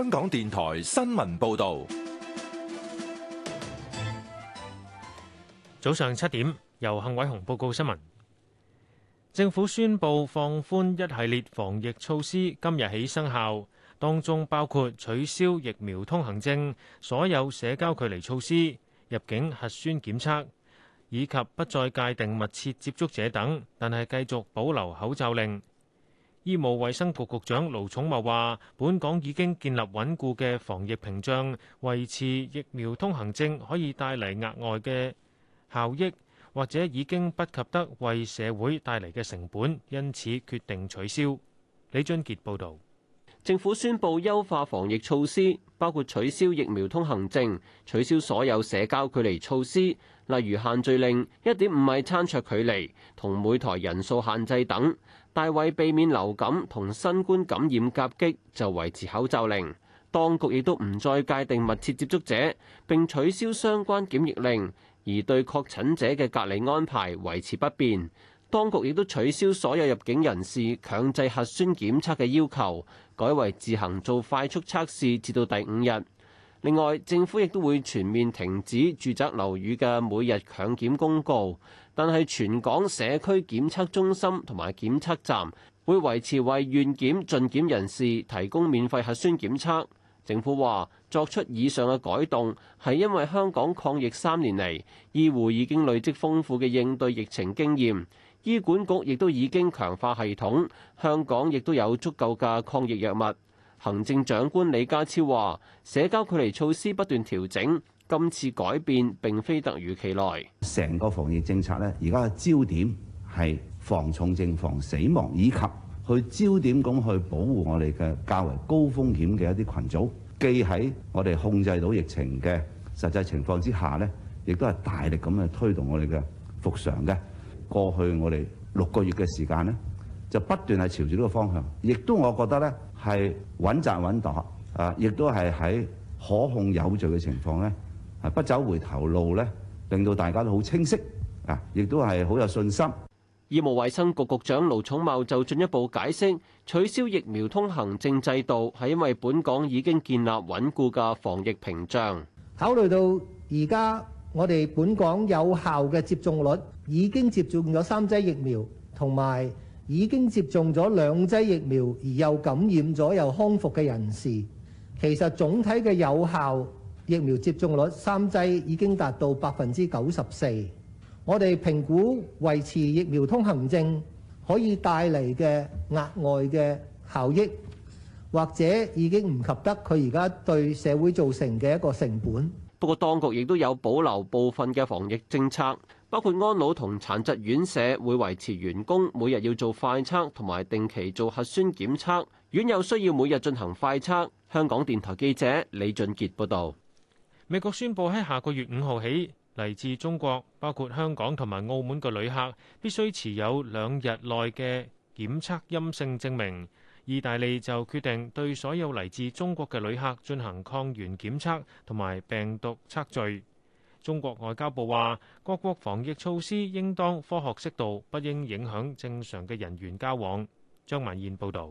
香港電台新聞報道，早上七點由幸偉雄報告新聞。政府宣布放寬一系列防疫措施，今日起生效，當中包括取消疫苗通行證、所有社交距離措施、入境核酸檢測，以及不再界定密切接觸者等，但係繼續保留口罩令。醫務衛生局局長盧寵茂話，本港已經建立穩固嘅防疫屏障，維持疫苗通行證可以帶嚟額外嘅效益，或者已經不及得為社會帶嚟嘅成本，因此決定取消。李俊傑報道，政府宣布優化防疫措施，包括取消疫苗通行證，取消所有社交距離措施。例如限聚令、一點五米餐桌距離同每台人數限制等，大為避免流感同新冠感染夾擊就維持口罩令。當局亦都唔再界定密切接觸者，並取消相關檢疫令，而對確診者嘅隔離安排維持不變，當局亦都取消所有入境人士強制核酸檢測嘅要求，改為自行做快速測試至到第五日。另外，政府亦都會全面停止住宅樓宇嘅每日強檢公告，但係全港社區檢測中心同埋檢測站會維持為願檢盡檢人士提供免費核酸檢測。政府話作出以上嘅改動係因為香港抗疫三年嚟，醫護已經累積豐富嘅應對疫情經驗，醫管局亦都已經強化系統，香港亦都有足夠嘅抗疫藥物。行政長官李家超話：社交距離措施不斷調整，今次改變並非突如其來。成個防疫政策咧，而家嘅焦點係防重症、防死亡，以及去焦點咁去保護我哋嘅較為高風險嘅一啲群組。既喺我哋控制到疫情嘅實際情況之下咧，亦都係大力咁去推動我哋嘅復常嘅。過去我哋六個月嘅時間咧。就不斷係朝住呢個方向，亦都我覺得咧係穩紮穩打啊！亦都係喺可控有序嘅情況咧，係不走回頭路咧，令到大家都好清晰啊！亦都係好有信心。醫務衛生局局長盧寵茂就進一步解釋，取消疫苗通行證制度係因為本港已經建立穩固嘅防疫屏障。考慮到而家我哋本港有效嘅接種率已經接種咗三劑疫苗，同埋。已經接種咗兩劑疫苗而又感染咗又康復嘅人士，其實總體嘅有效疫苗接種率三劑已經達到百分之九十四。我哋評估維持疫苗通行證可以帶嚟嘅額外嘅效益，或者已經唔及得佢而家對社會造成嘅一個成本。不過，當局亦都有保留部分嘅防疫政策。包括安老同殘疾院舍會維持員工每日要做快測同埋定期做核酸檢測，院友需要每日進行快測。香港電台記者李俊杰報道。美國宣布喺下個月五號起，嚟自中國，包括香港同埋澳門嘅旅客必須持有兩日內嘅檢測陰性證明。意大利就決定對所有嚟自中國嘅旅客進行抗原檢測同埋病毒測序。中國外交部話：各國防疫措施應當科學適度，不應影響正常嘅人員交往。張文燕報導。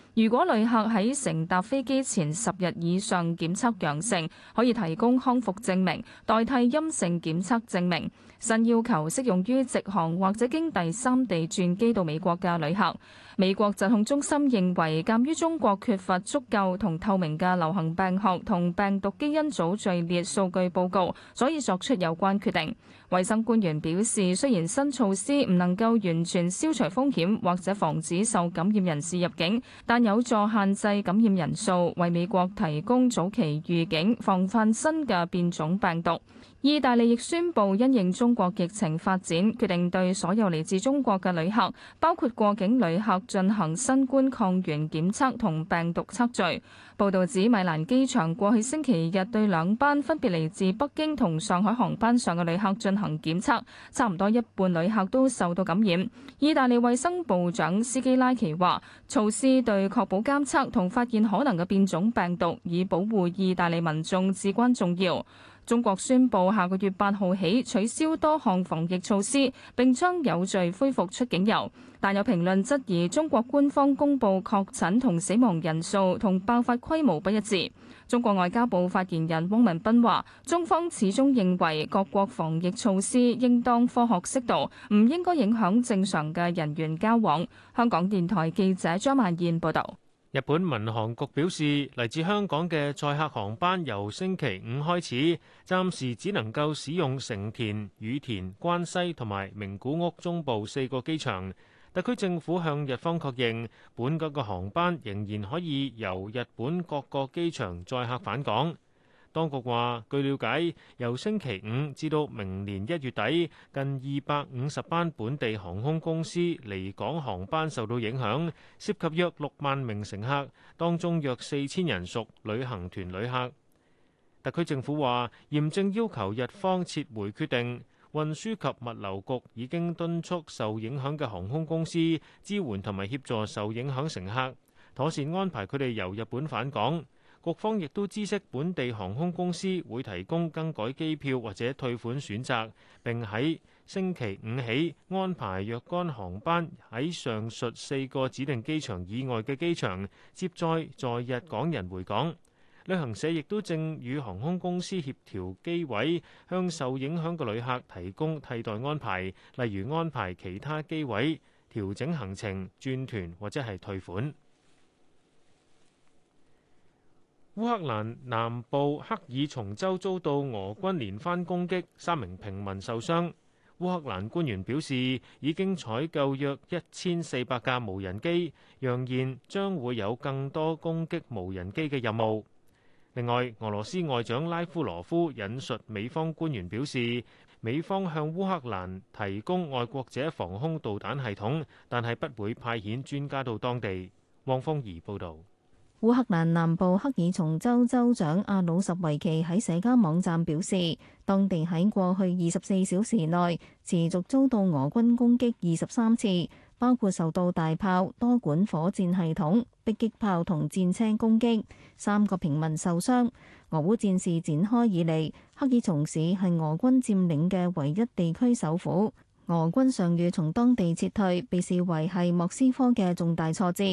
如果旅客喺乘搭飛機前十日以上檢測陽性，可以提供康復證明，代替陰性檢測證明。新要求適用於直航或者經第三地轉機到美國嘅旅客。美國疾控中心認為，鑑於中國缺乏足夠同透明嘅流行病學同病毒基因組序列數據報告，所以作出有關決定。衛生官員表示，雖然新措施唔能夠完全消除風險或者防止受感染人士入境，但有助限制感染人數，為美國提供早期預警，防範新嘅變種病毒。意大利亦宣布，因應中國疫情發展，決定對所有嚟自中國嘅旅客，包括過境旅客，進行新冠抗原檢測同病毒測序。報道指，米蘭機場過去星期日對兩班分別嚟自北京同上海航班上嘅旅客進行檢測，差唔多一半旅客都受到感染。意大利衛生部長斯基拉奇話，措施對確保監測同發現可能嘅變種病毒，以保護意大利民眾至關重要。中國宣布下個月八號起取消多項防疫措施，並將有序恢復出境遊，但有評論質疑中國官方公布確診同死亡人數同爆發規模不一致。中國外交部發言人汪文斌話：中方始終認為各國防疫措施應當科學適度，唔應該影響正常嘅人員交往。香港電台記者張曼燕報道。日本民航局表示，嚟自香港嘅載客航班由星期五開始，暫時只能夠使用成田、羽田、關西同埋名古屋中部四個機場。特區政府向日方確認，本港嘅航班仍然可以由日本各個機場載客返港。當局話：據了解，由星期五至到明年一月底，近二百五十班本地航空公司離港航班受到影響，涉及約六萬名乘客，當中約四千人屬旅行團旅客。特區政府話，嚴正要求日方撤回決定。運輸及物流局已經敦促受影響嘅航空公司支援同埋協助受影響乘客，妥善安排佢哋由日本返港。局方亦都知悉，本地航空公司會提供更改機票或者退款選擇，並喺星期五起安排若干航班喺上述四個指定機場以外嘅機場接載在日港人回港。旅行社亦都正與航空公司協調機位，向受影響嘅旅客提供替代安排，例如安排其他機位、調整行程、轉團或者係退款。烏克蘭南部克爾松州遭到俄軍連番攻擊，三名平民受傷。烏克蘭官員表示，已經採購約一千四百架無人機，揚言將會有更多攻擊無人機嘅任務。另外，俄羅斯外長拉夫羅夫引述美方官員表示，美方向烏克蘭提供愛國者防空導彈系統，但係不會派遣專家到當地。汪豐怡報導。烏克蘭南部克爾松州州長阿魯什維奇喺社交網站表示，當地喺過去二十四小時內持續遭到俄軍攻擊二十三次，包括受到大炮、多管火箭系統、迫擊炮同戰車攻擊，三個平民受傷。俄烏戰事展開以來，克爾松市係俄軍佔領嘅唯一地區首府。俄軍上月從當地撤退，被視為係莫斯科嘅重大挫折。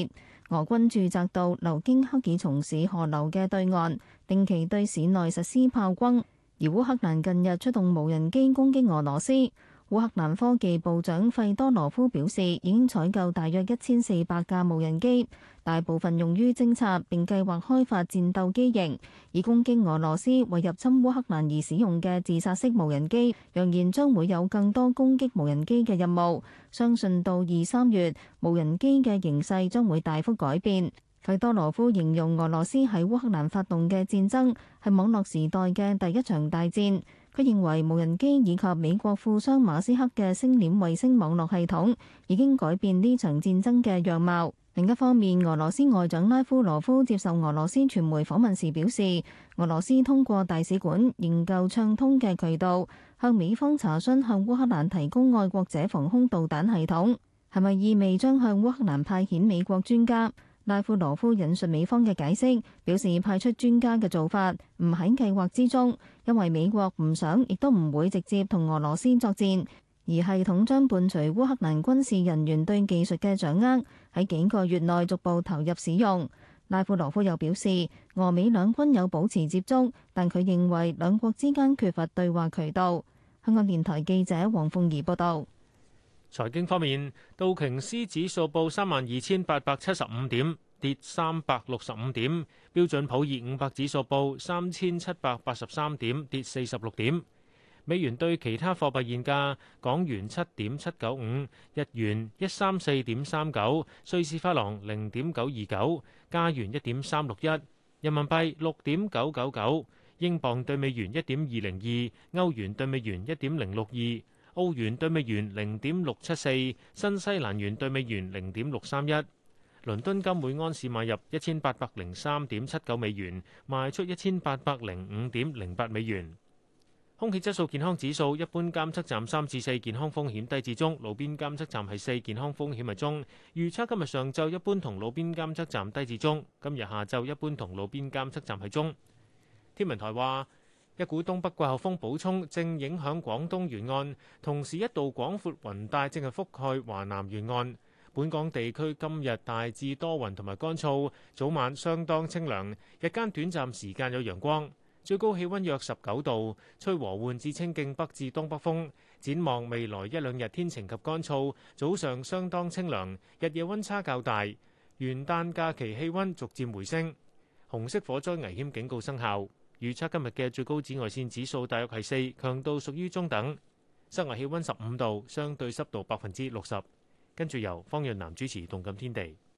俄軍駐紮到流經克爾松市河流嘅對岸，定期對市內實施炮轟。而烏克蘭近日出動無人機攻擊俄羅斯。烏克蘭科技部長費多羅夫表示，已經採購大約一千四百架無人機，大部分用於偵察，並計劃開發戰鬥機型以攻擊俄羅斯為入侵烏克蘭而使用嘅自殺式無人機。揚言將會有更多攻擊無人機嘅任務。相信到二三月，無人機嘅形勢將會大幅改變。費多羅夫形容俄羅斯喺烏克蘭發動嘅戰爭係網絡時代嘅第一場大戰。佢認為無人機以及美國富商馬斯克嘅星鏈衛星網絡系統已經改變呢場戰爭嘅樣貌。另一方面，俄羅斯外長拉夫羅夫接受俄羅斯傳媒訪問時表示，俄羅斯通過大使館仍舊暢通嘅渠道向美方查詢向烏克蘭提供愛國者防空導彈系統係咪意味將向烏克蘭派遣美國專家。拉夫羅夫引述美方嘅解釋，表示派出專家嘅做法唔喺計劃之中，因為美國唔想，亦都唔會直接同俄羅斯作戰，而系統將伴隨烏克蘭軍事人員對技術嘅掌握，喺幾個月內逐步投入使用。拉夫羅夫又表示，俄美兩軍有保持接觸，但佢認為兩國之間缺乏對話渠道。香港電台記者黃鳳儀報道。財經方面，道瓊斯指數報三萬二千八百七十五點，跌三百六十五點；標準普爾五百指數報三千七百八十三點，跌四十六點。美元對其他貨幣現價：港元七點七九五，日元一三四點三九，瑞士法郎零點九二九，加元一點三六一，人民幣六點九九九，英鎊對美元一點二零二，歐元對美元一點零六二。澳元對美元零點六七四，新西蘭元對美元零點六三一。倫敦金每安士買入一千八百零三點七九美元，賣出一千八百零五點零八美元。空氣質素健康指數，一般監測站三至四，健康風險低至中；路邊監測站係四，健康風險係中。預測今日上晝一般同路邊監測站低至中，今日下晝一般同路邊監測站係中。天文台話，一股東北季候風補充，正影響廣東沿岸，同時一道廣闊雲帶正係覆蓋華南沿岸。本港地區今日大致多雲同埋乾燥，早晚相當清涼，日間短暫時間有陽光，最高氣溫約十九度，吹和緩至清勁北至東北風，展望未來一兩日天晴及乾燥，早上相當清涼，日夜溫差較大。元旦假期氣溫逐漸回升，紅色火災危險警告生效。預測今日嘅最高紫外線指數大約係四，強度屬於中等。室外氣溫十五度，相對濕度百分之六十。跟住由方潤南主持《動感天地》。